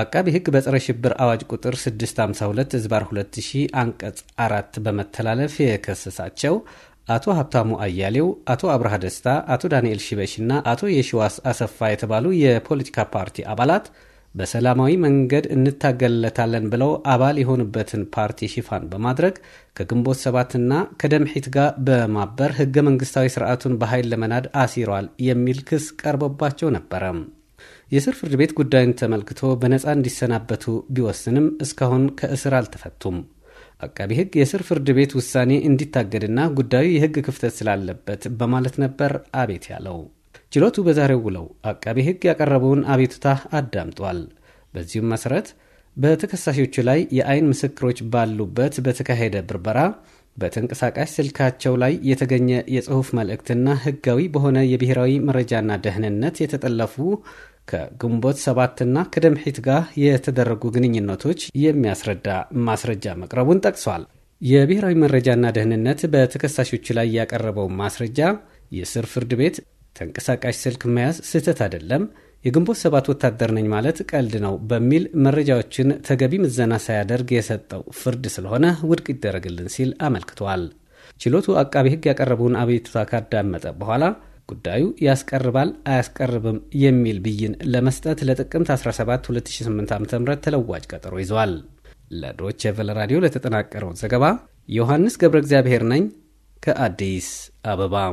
አቃቢ ህግ በጸረ ሽብር አዋጅ ቁጥር 652 ዝባር 2000 አንቀጽ አራት በመተላለፍ የከሰሳቸው አቶ ሀብታሙ አያሌው፣ አቶ አብርሃ ደስታ፣ አቶ ዳንኤል ሽበሽና አቶ የሽዋስ አሰፋ የተባሉ የፖለቲካ ፓርቲ አባላት በሰላማዊ መንገድ እንታገልለታለን ብለው አባል የሆኑበትን ፓርቲ ሽፋን በማድረግ ከግንቦት ሰባትና ከደምሒት ጋር በማበር ህገ መንግስታዊ ስርዓቱን በኃይል ለመናድ አሲሯል የሚል ክስ ቀርቦባቸው ነበረም። የስር ፍርድ ቤት ጉዳዩን ተመልክቶ በነፃ እንዲሰናበቱ ቢወስንም እስካሁን ከእስር አልተፈቱም። አቃቢ ሕግ የስር ፍርድ ቤት ውሳኔ እንዲታገድና ጉዳዩ የሕግ ክፍተት ስላለበት በማለት ነበር አቤት ያለው። ችሎቱ በዛሬው ውለው አቃቢ ሕግ ያቀረበውን አቤቱታ አዳምጧል። በዚሁም መሠረት በተከሳሾቹ ላይ የአይን ምስክሮች ባሉበት በተካሄደ ብርበራ በተንቀሳቃሽ ስልካቸው ላይ የተገኘ የጽሑፍ መልእክትና ሕጋዊ በሆነ የብሔራዊ መረጃና ደህንነት የተጠለፉ ከግንቦት ሰባትና ከደምሒት ጋር የተደረጉ ግንኙነቶች የሚያስረዳ ማስረጃ መቅረቡን ጠቅሷል። የብሔራዊ መረጃና ደህንነት በተከሳሾች ላይ ያቀረበው ማስረጃ የስር ፍርድ ቤት ተንቀሳቃሽ ስልክ መያዝ ስህተት አይደለም፣ የግንቦት ሰባት ወታደር ነኝ ማለት ቀልድ ነው በሚል መረጃዎችን ተገቢ ምዘና ሳያደርግ የሰጠው ፍርድ ስለሆነ ውድቅ ይደረግልን ሲል አመልክቷል። ችሎቱ አቃቢ ሕግ ያቀረበውን አቤቱታ ካዳመጠ በኋላ ጉዳዩ ያስቀርባል አያስቀርብም የሚል ብይን ለመስጠት ለጥቅምት 17 2008 ዓ.ም ተለዋጭ ቀጠሮ ይዟል። ለዶች ቨለ ራዲዮ ለተጠናቀረው ዘገባ ዮሐንስ ገብረ እግዚአብሔር ነኝ ከአዲስ አበባ